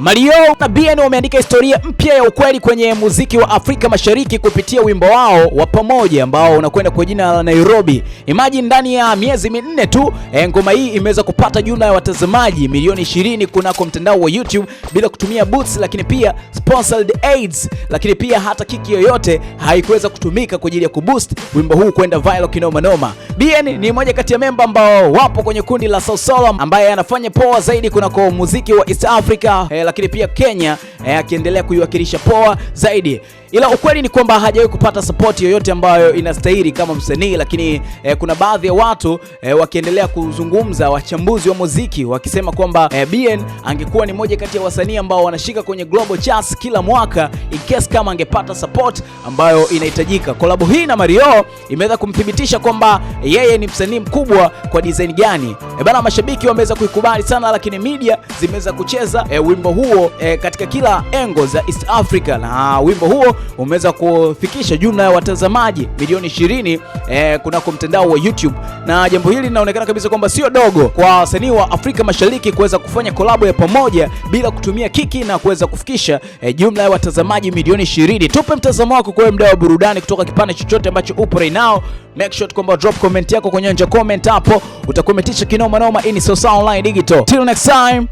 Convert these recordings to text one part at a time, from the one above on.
Mario na BN wameandika historia mpya ya ukweli kwenye muziki wa Afrika Mashariki kupitia wimbo wao wa pamoja ambao unakwenda kwa jina la Nairobi. Imagine ndani ya miezi minne tu eh, ngoma hii imeweza kupata jumla ya watazamaji milioni 20 kunako mtandao wa YouTube bila kutumia boots, lakini pia sponsored ads, lakini pia hata kiki yoyote haikuweza kutumika kwa ajili ya kuboost wimbo huu kwenda viral kinoma noma. BN ni mmoja kati ya memba ambao wapo kwenye kundi la Sauti Sol ambaye anafanya poa zaidi kunako muziki wa East Africa eh, lakini pia Kenya eh, akiendelea kuiwakilisha poa zaidi ila ukweli ni kwamba hajawahi kupata support yoyote ambayo inastahili kama msanii, lakini eh, kuna baadhi ya watu eh, wakiendelea kuzungumza, wachambuzi wa muziki wakisema kwamba eh, Bien angekuwa ni moja kati ya wasanii ambao wanashika kwenye global charts kila mwaka in case kama angepata support ambayo inahitajika. Kolabo hii na Mario imeweza kumthibitisha kwamba yeye ni msanii mkubwa kwa design gani. E bana, mashabiki wameweza kuikubali sana, lakini media zimeweza kucheza e, wimbo huo e, katika kila engo za East Africa na wimbo huo umeweza kufikisha jumla ya watazamaji milioni 20 eh, kunako mtandao wa YouTube, na jambo hili linaonekana kabisa kwamba sio dogo kwa wasanii wa Afrika Mashariki kuweza kufanya kolabo ya pamoja bila kutumia kiki na kuweza kufikisha eh, jumla ya watazamaji milioni 20. Tupe mtazamo wako kwa mda wa burudani kutoka kipande chochote ambacho upo right now. Make sure kwamba drop comment yako kwenye nje comment hapo, utakometisha kinoma noma. Hii ni online digital. Till next time,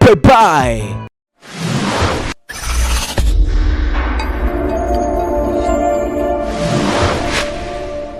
bye bye.